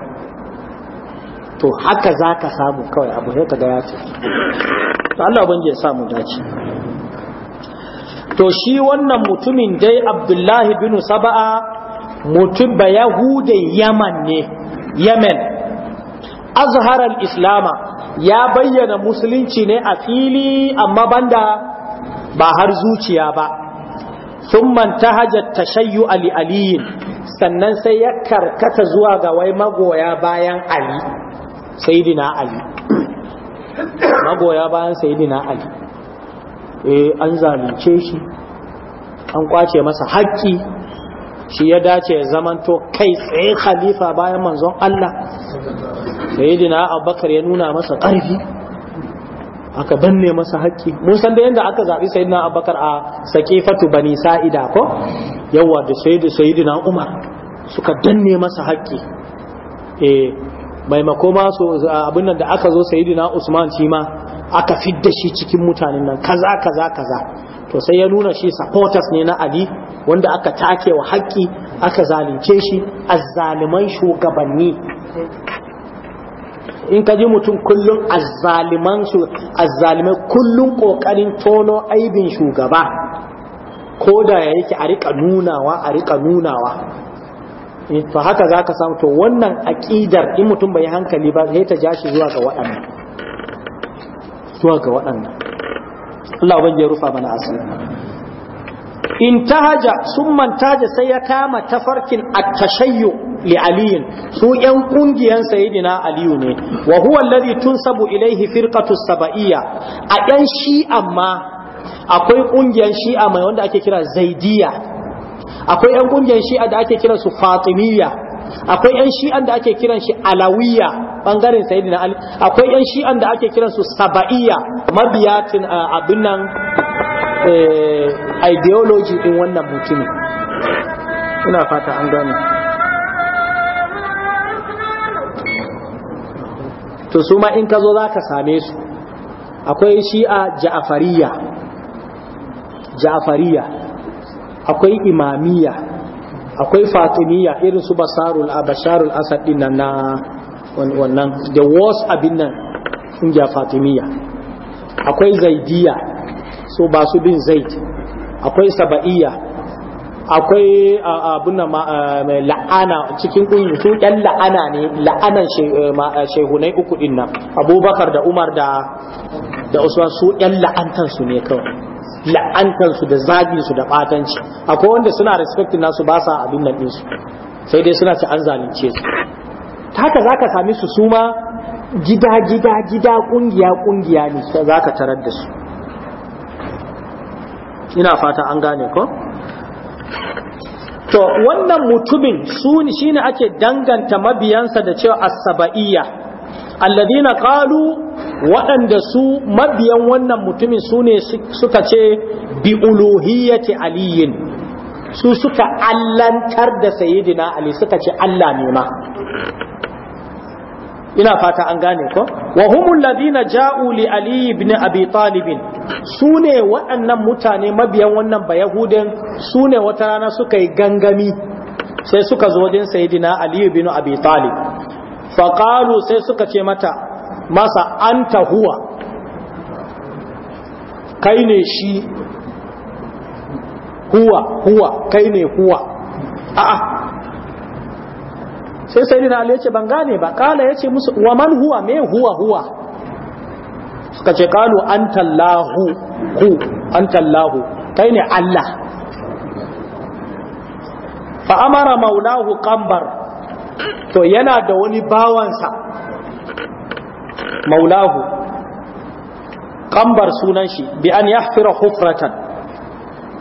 to haka za ka samu kawai abu ya ka gaya ce to Allah ubangi ya samu dace to shi wannan mutumin dai Abdullahi bin Saba'a mutum ba yahudai Yaman ne Yemen azharar islama ya bayyana musulunci ne a fili amma banda ba har zuciya ba Sun manta tahaja tashayyu ali aliyin sannan sai ya karkata zuwa ga wai magoya bayan ali ali magoya bayan sayyidina ali eh, an zalunce shi an kwace masa haƙƙi shi ya dace ya zamanto kai tsaye khalifa bayan manzon Allah Saidina Abubakar ya nuna masa ƙarfi aka danne masa haƙƙi mun san da yadda aka zaɓi sayyidina abubakar a saƙifatu bani sa'ida ko yawa da sayyidina umar suka danne masa haƙƙi eh maimako ma so abin nan da aka zo sayyidina usman shi ma aka fidda shi cikin mutanen nan kaza kaza kaza to sai ya nuna shi supporters ne na ali wanda aka take wa haƙƙi aka zalunce shi azzaluman shugabanni in ka ji mutum kullum azzaliman su azzalimai kullum kokarin tono aibin shugaba ko da ya yake a rika nunawa a rika nunawa eh, to haka za ka samu to wannan aƙidar in mutum bai hankali ba sai ta jashi zuwa ga waɗannan zuwa ga waɗannan Allah ya rufa mana asiri In intahaja summan taja sai ya kama tafarkin farkin tashayyu li aliyin su yan kungiyan sayidina aliyu ne wa huwa alladhi tunsabu ilaihi firqatu sabaiya a yan shi amma akwai kungiyan shi'a mai wanda ake kira Zaidiya. akwai yan kungiyan shi'a da ake kira su fatimiyya akwai yan shi'an da ake kiran shi alawiyya bangaren sayidina ali akwai yan shi'an da ake kiran su sabaiya mabiyatin abin nan Eh, ideology din wannan mutumin ina fata an gane to su ma in ka zo za ka same su akwai shi'a ja'afariya ja'afariya akwai imamiya akwai fatimiya irin su basarul abasharul asad din nan na wannan the worst abin nan ja fatimiya akwai zaidiya so ba su bin zai akwai saba'iyya akwai mai la'ana cikin ƙungiyar su yan la'ana ne la'anan eh, eh, shehunai uku din nan abubakar da umar da usman su yan la'antansu ne kawai la'antansu da zaginsu da batanci akwai wanda suna respectin nasu ba sa abin nan ɗinsu sai dai suna ci an zalunce su haka ka sami su suma gida gida gida ƙungiya ƙungiya ne za ka tarar da su ina fata an gane ko to wannan mutumin su shine ake danganta mabiyansa da cewa as sabaiya alladhina qalu waɗanda su mabiyan wannan mutumin su ne suka ce bi uluhiyyati aliyin su suka allantar da sayyidina ali suka ce Allah ne ma ina fata an gane ko wa humul ladina ja'u li ali ibn abi talib sune waɗannan mutane mabiyan wannan bayahudin sune wata rana suka yi gangami sai suka zo wajen sayyidina ali ibn abi talib fa qalu sai suka ce mata masa anta huwa kai ne shi huwa huwa kai ne huwa a'a sai sai dina ya ce ban gane ba kala ya ce musu wa man huwa me huwa huwa suka ce kalu an tallahu ku an tallahu kai ne Allah fa amara maulahu qambar to yana da wani bawansa maulahu qambar sunan shi bi an yahfira hufratan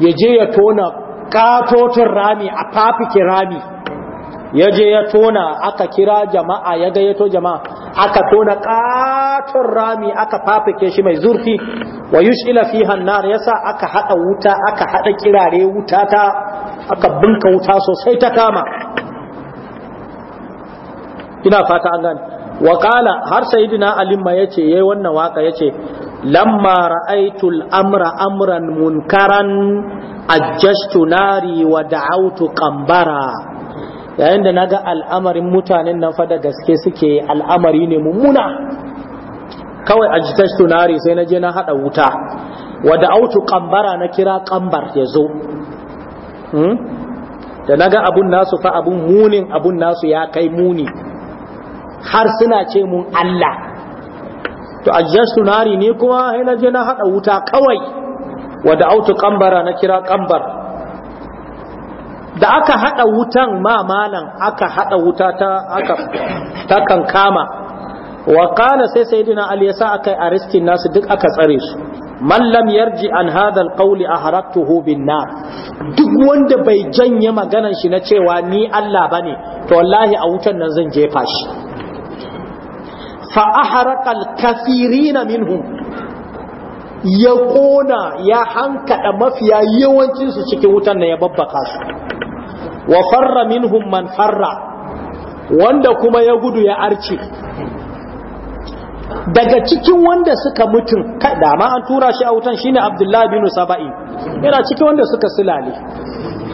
yaje ya tona katotin rami a fafike rami Yaje ya tona aka kira jama'a ya gayyato jama'a aka tona katon rami aka fafike shi mai zurfi wa yushila fiha nar yasa aka hada wuta aka hada kirare wuta ta aka binka wuta sosai ta kama ina fata an gane wa qala har sayyidina ali ma yace yayi wannan waka yace lamma ra'aytul amra amran munkaran ajjastu nari wa da'awtu qambara yayin da naga al'amarin mutanen nan fa da gaske suke al'amari ne mummuna kawai ajtashtu tunari sai na je na hada wuta wada autu kambara na kira kambar yazo hmm? da naga abun nasu fa abun munin abun nasu ya kai muni har suna ce mun Allah to ajtashtu tunari ne kuma sai na je na hada wuta kawai wada autu kambara na kira kambar. da aka hada wutan ma malan aka hada wuta ta aka ta kankama wa qala sai sayyidina ali yasa akai ariskin nasu duk aka tsare su man lam yarji an hadha alqawli aharaktuhu bin nar duk wanda bai janye maganan shi na cewa ni Allah bane to wallahi a wutan nan zan jefa shi fa ahraqal alkathirina minhum ya kona ya hankada mafiya yawancinsu cikin wutan da ya babbaka su wa farra minhum man farra wanda kuma ya gudu ya arce daga cikin wanda suka mutum kada ma an tura shi a wutan shine abdullahi bin saba'i yana cikin wanda suka silale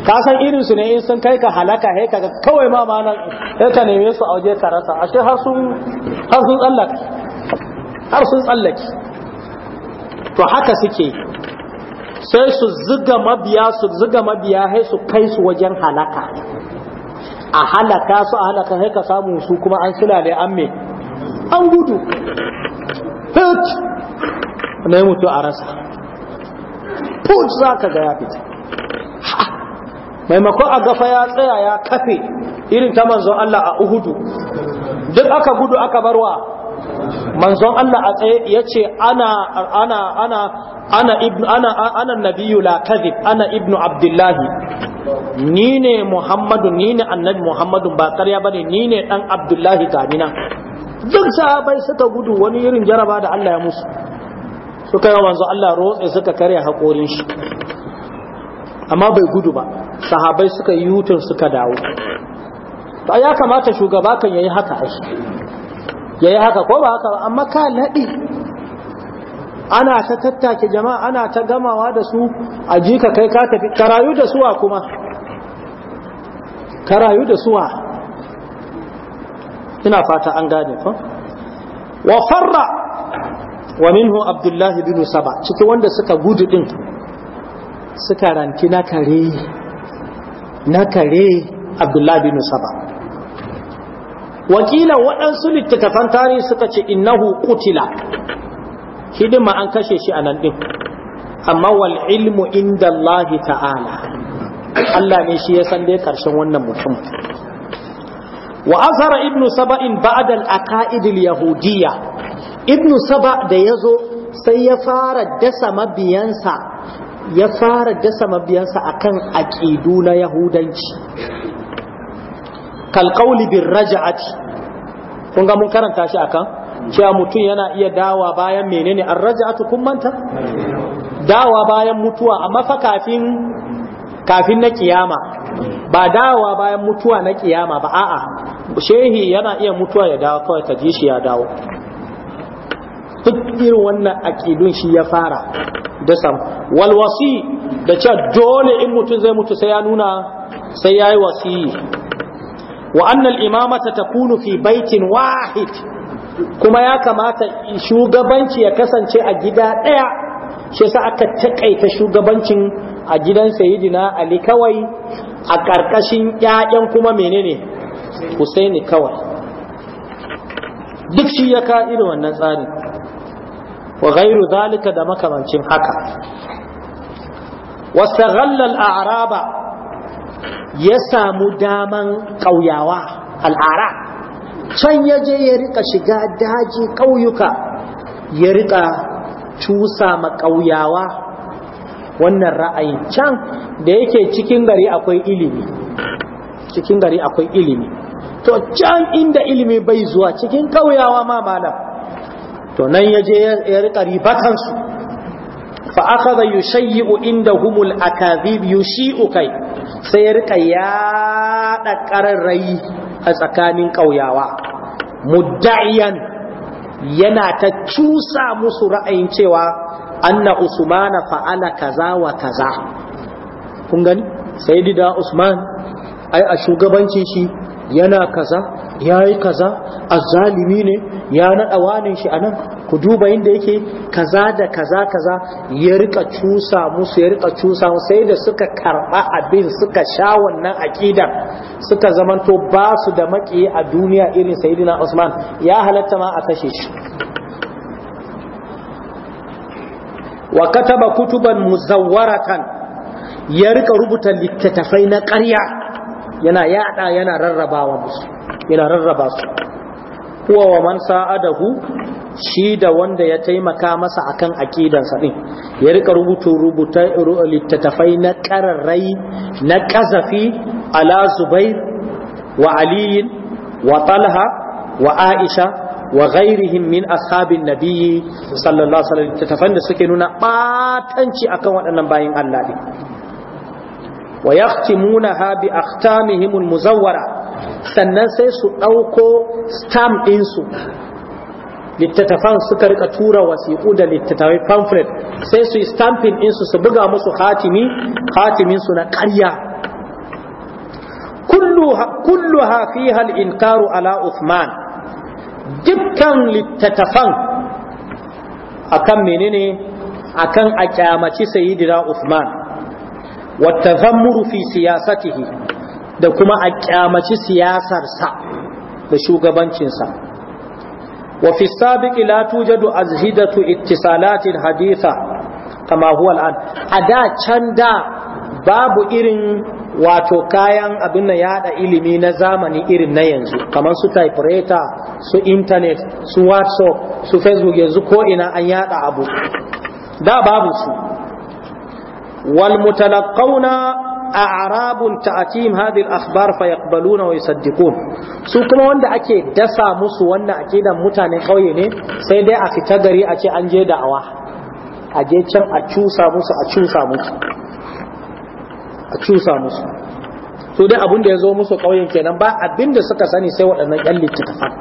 ka san irin su ne in sun kai ka halaka he kaga kawai ma manan sai ka neme su a waje ka rasa ashe har sun har har sun tsallake to haka suke sai su ziga mabiya su ziga mabiya sai su kai su wajen halaka a halaka su a halaka sai ka samu su kuma an silale an me an gudu put na yi mutu a rasa put za ka ga ya fita maimakon a gafa ya tsaya ya kafe irin ta manzon Allah a uhudu duk aka gudu aka barwa manzon Allah a tsaye ya ana ana nabiyu ibnu abdullahi ni ne muhammadu ni ne annabi muhammadu ba ba bane ni ne dan abdullahi gamina duk sahabai suka gudu wani irin jaraba da Allah ya musu suka yi manzon Allah rotse suka karya haƙorin shi amma bai gudu ba sahabai suka yi yutun suka dawo ya kamata shugaba kan yayi haka aiki ya yi haka ko ba haka ba amma ka laɗi ana ta tattake jama'a ana ta gamawa da su a jika kai ka tafi karayu da suwa kuma karayu da suwa ina fata an gane ko wa farra wa minhu abdullahi bin saba ciki wanda suka gudu din suka ranki na kare na kare abdullahi bin saba wakila waɗansu littattafan tarihi suka ce innahu kutila hidima an kashe shi a nan ɗin amma wal ilmu inda Allah ta'ala Allah ne shi ya san dai ƙarshen wannan mutum wa azhara ibnu saba'in ba'da al-aqaid al-yahudiyya ibnu saba da yazo sai ya fara dasa mabiyansa ya fara dasa mabiyansa akan aqidu na yahudanci kalkauli bin raja'ati kun ga mun karanta shi akan cewa mutum yana iya dawa bayan menene an raja'atu kun manta dawa bayan mutuwa amma fa kafin kafin na kiyama ba dawa bayan mutuwa na kiyama ba a'a shehi yana iya mutuwa ya dawo kawai ta ji shi ya dawo duk irin wannan aƙidun shi ya fara da sam wasi da cewa dole in mutum zai mutu sai ya nuna sai yayi yi wa annal imamata takunu fi baitin wahid kuma ya kamata shugabanci ya kasance a gida ɗaya shi yasa aka takaita shugabancin a gidan sayidina ali kawai a ƙarƙashin ƴaƴan kuma menene husaini kawai duk shi ya ka irin wannan tsarin wa ghairu zalika da makamancin haka wastaghalla al-a'raba ya samu daman ƙauyawa al'ara can ya je ya rika shiga daji ƙauyuka ya rika cusa ma ƙauyawa wannan ra'ayin can da yake cikin gari akwai ilimi cikin gari akwai ilimi to can inda ilimi bai zuwa cikin ƙauyawa ma malam to nan ya je ya rika ribatansu fa aka da yushayyi'u inda humul akazib yushi'u kai sai ya rika yaɗa ƙararrayi a tsakanin ƙauyawa mudda'iyan yana ta cusa musu ra'ayin cewa anna usmana fa'ala kaza wa kaza kun gani da usman ai a shugabancin shi yana kaza yayi kaza azzalimi ne ya naɗa wanin shi anan ku duba inda yake kaza da kaza kaza ya rika cusa musu ya rika cusa musu sai da suka karba abin suka sha wannan aqidan suka zamanto ba su da maki a duniya irin sayyidina Usman ya halatta ma a kashe shi wa kataba kutuban muzawwaratan ya rika rubuta littattafai na ƙarya yana yada yana rarrabawa musu yana rarraba su huwa wa man sa'adahu shi da wanda ya taimaka masa akan aƙidansa ɗin ya rika rubutu rubuta littattafai na ƙararrai na ƙazafi ala zubair wa aliyin wa talha wa aisha wa ghairihim min ashabin nabiyyi sallallahu alaihi wasallam littattafan da suke nuna batanci akan waɗannan bayin Allah ɗin wa yahtimunaha bi akhtamihim al-muzawwara sannan sai su ɗauko stamp ɗinsu littattafan suka rika tura wasiƙu da littattafai pamphlet sai su stamping ɗinsu su buga musu hatimi hatimin su na ƙarya kullu ha fi hal inkaru ala Uthman dukkan littattafan akan menene akan a kyamaci sayyidina Uthman wa tazammuru fi siyasatihi da kuma a kyamaci siyasarsa da shugabancinsa وفي السابق لا توجد أزهدة اتصالات حديثة كما هو الآن أدا چندا باب إرن wato kayan abin na yaɗa ilimi na zamani irin na yanzu kamar su typewriter su intanet su whatsapp su facebook yanzu ko ina an yaɗa abu da babu su wal mutalaqauna a'rabun ta'atim hadhihi al-akhbar fayaqbaluna wa yusaddiqun su kuma wanda ake dasa musu wannan akidan mutanen kauye ne sai dai a fita gari a ce an je da'awa a je can a cusa musu a cusa musu a cusa musu su dai abun da ya zo musu kauyen kenan ba abinda suka sani sai waɗannan ƴan littattafan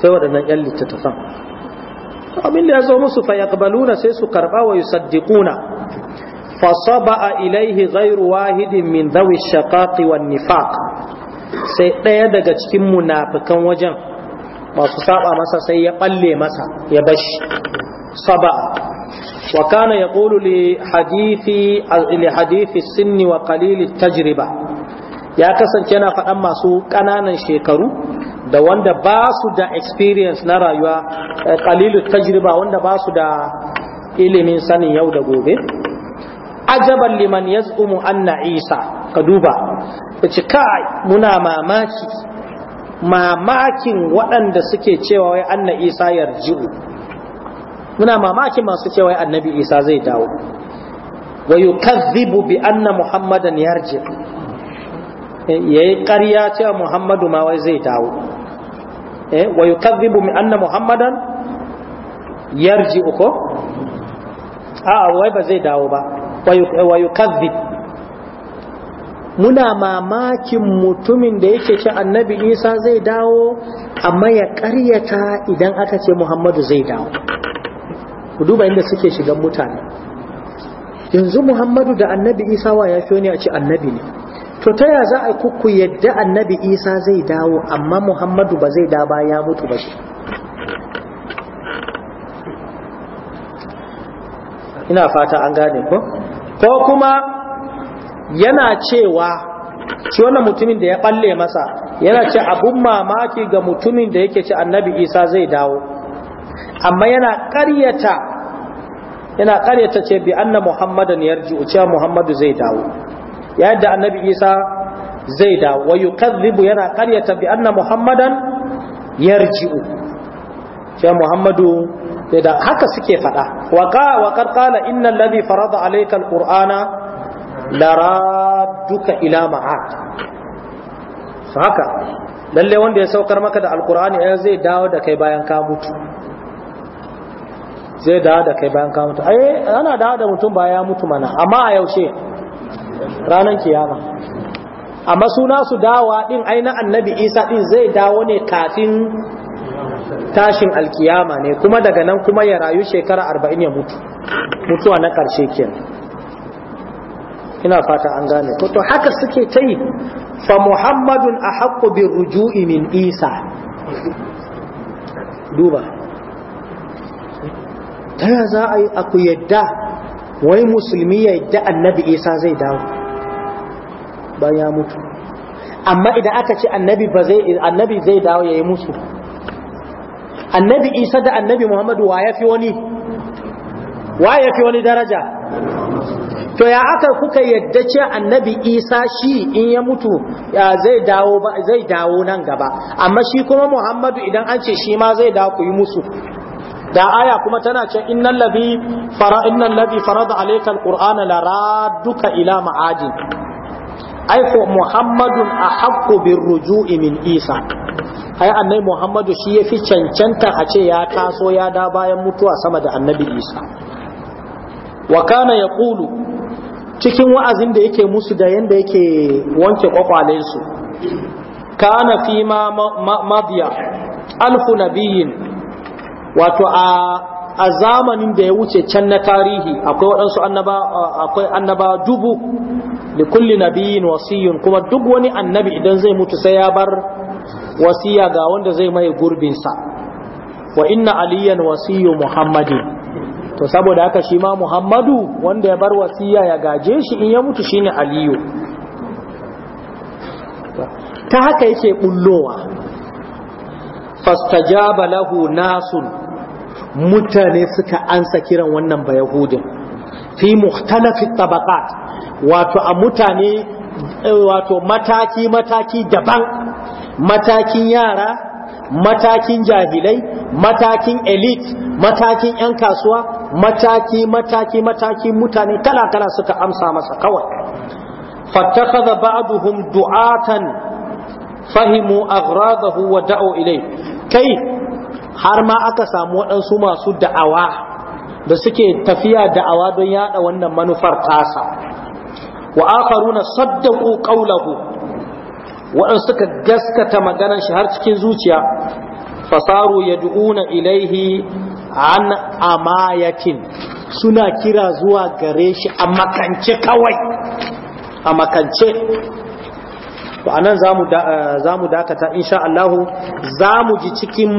sai waɗannan ƴan littattafan abin da ya zo musu fayaqbaluna sai su karba wa yusaddiquna fasaba'a ilaihi ghairu wahidin min dhawi shaqaqi wan nifaq sai ɗaya daga cikin munafikan wajen masu saba masa sai ya balle masa ya bashi saba'a وكان يقول hadithi لحديث wa وقليل التجربه ya kasance yana faɗan masu ƙananan shekaru da wanda ba su da experience na rayuwa ƙalilu tajriba wanda ba su da ilimin sanin yau da gobe ajaban liman yaz'umu anna Isa ka duba yace kai muna mamaki mamakin waɗanda suke cewa wai anna Isa yarji'u muna mamakin masu cewa annabi Isa zai dawo wa yukazzibu bi anna Muhammadan yarji yayi ƙarya cewa Muhammadu ma wai zai dawo eh wa yukazzibu bi anna Muhammadan yarji ko a'a wai ba zai dawo ba wa muna mamakin mutumin da yake ce annabi isa zai dawo amma ya karyata idan aka ce muhammadu zai dawo ku duba inda suke shigan mutane yanzu muhammadu da annabi isa wa ya fi ne a ce annabi ne to ta ya za a kuku yadda annabi isa zai dawo amma muhammadu ba zai da ba ya mutu ba shi ina fata an gane ko ko kuma yana cewa shi wannan mutumin da ya balle masa yana ce abun mamaki ga mutumin da yake ce annabi isa zai dawo amma yana karyata yana karyata ce bi anna muhammadan yarji cewa muhammadu zai dawo yadda annabi isa zai dawo wa yukadhibu yana karyata bi anna muhammadan yarji cewa muhammadu da haka suke faɗa wa ƙarƙala innan labi farada alaikal ƙur'ana lara duka ila ma'ad su haka lalle wanda ya saukar maka da alƙur'ani ya zai dawo da kai bayan ka mutu zai dawo da kai bayan ka mutu ai ana dawo da mutum ba ya mutu mana amma a yaushe ranar kiyama amma suna su dawa din ai na annabi isa din zai dawo ne kafin tashin alkiyama ne kuma daga nan kuma ya rayu shekara arba'in ya mutu mutuwa na ƙarshe kenan ina fata an gane ko to haka suke ta yi fa muhammadun a haƙƙo bin ruju'i min isa duba ta ya za a yi aku yadda wai musulmi ya yadda annabi isa zai dawo bayan ya mutu amma idan aka ce annabi zai dawo ya yi musu annabi isa da annabi muhammadu wa ya fi wani daraja to ya aka kuka yadda ce annabi isa shi in ya mutu zai dawo zai dawo nan gaba amma shi kuma muhammadu idan an ce shi ma zai dawo ku yi musu da aya kuma tana ce innal ladhi fara innal ladhi farada alayka alqur'ana la radduka ila ma'adin aiko muhammadun a haƙo bin ruju'i min isa ai annai muhammadu shi ya fi cancanta a ce ya taso ya da bayan mutuwa sama da annabi isa wa kana ya ƙulu cikin wa'azin da yake musu da yadda yake wanke kwakwalensu kana fi ma madiya alfu nabiyin wato a a zamanin da ya wuce can na tarihi akwai waɗansu annaba annaba dubu da kulli nabiyin wasiyun kuma duk wani annabi idan zai mutu sai ya bar wasiya ga wanda zai mai gurbinsa wa inna aliyan wasiyu Muhammadu. to saboda haka shi ma muhammadu wanda ya bar wasiya ya gaje shi in ya mutu shine aliyu ta haka yake bullowa fastajaba lahu nasun mutane suka ansa kiran wannan ba yahudin fi muhtalafi tabaqat wato a mutane eh, wato mataki mataki daban matakin yara matakin jahilai matakin elite matakin 'yan kasuwa mataki mataki mataki mutane kala kala suka amsa masa kawai fattakhadha ba'dhum du'atan fahimu aghradhahu wa da'u ilayhi kai har ma aka samu waɗansu masu da'awa da suke tafiya da'awa don yada wannan manufar tasa wa akharuna saddaqu qawlahu waɗansu suka gaskata maganar shi har cikin zuciya fasaru yad'una ilaihi an amayatin suna kira zuwa gare shi a makance kawai a makance to anan zamu zamu dakata insha Allah zamu ji cikin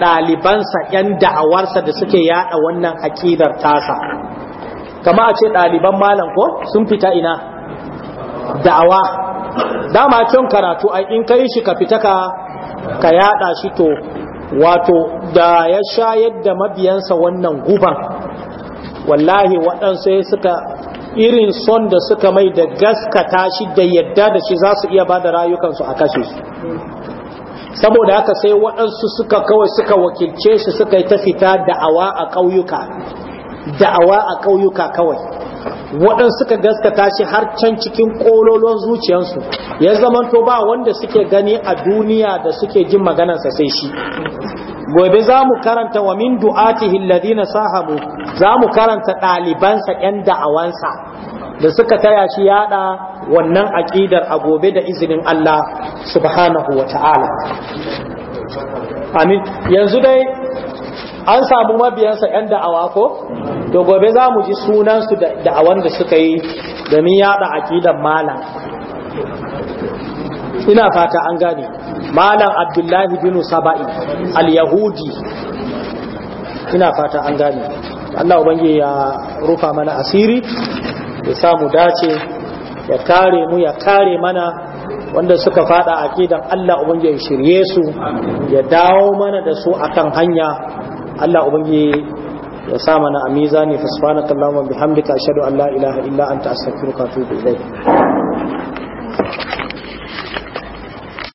ɗalibansa 'yan da'awarsa da suke yada wannan aƙidar tasa kama a ce ɗaliban malam ko sun fita ina da'awa dama kyan karatu a in kai shi ka fita ka ka yada shi to wato da ya shayar da mabiyansa wannan guban wallahi waɗansu suka irin son da suka mai da gaskata shi da yadda da shi za su iya ba da rayukansu a kashe su saboda haka sai waɗansu suka kawai suka wakilce shi suka yi ta fita da'awa a ƙauyuka da'awa a ƙauyuka kawai waɗansu suka gaskata shi har can cikin ƙololon zuciyarsu ya zamanto ba wanda suke gani a duniya da suke jin maganarsa sai shi gobe za mu karanta wa min du'atihi alladhina sahabu za mu karanta ɗalibansa ƴan da'awansa da suka taya shi yada wannan aƙidar a gobe da izinin Allah subhanahu wa ta'ala amin yanzu dai an samu mabiyansa 'yan da'awa ko to gobe za mu ji sunansu da da'awan da suka yi domin yada aƙidar malam ina fata an gane malam abdullahi bin saba'i al-yahudi ina fata an gane Allah ubangi ya rufa mana asiri ya samu dace ya kare mu ya kare mana wanda suka fada akidan Allah ubangi ya shirye su ya dawo mana da su akan hanya Allah ubangi ya sa mana a mizani fa subhanakallahumma bihamdika ashhadu an la ilaha illa anta astaghfiruka wa atubu ilayk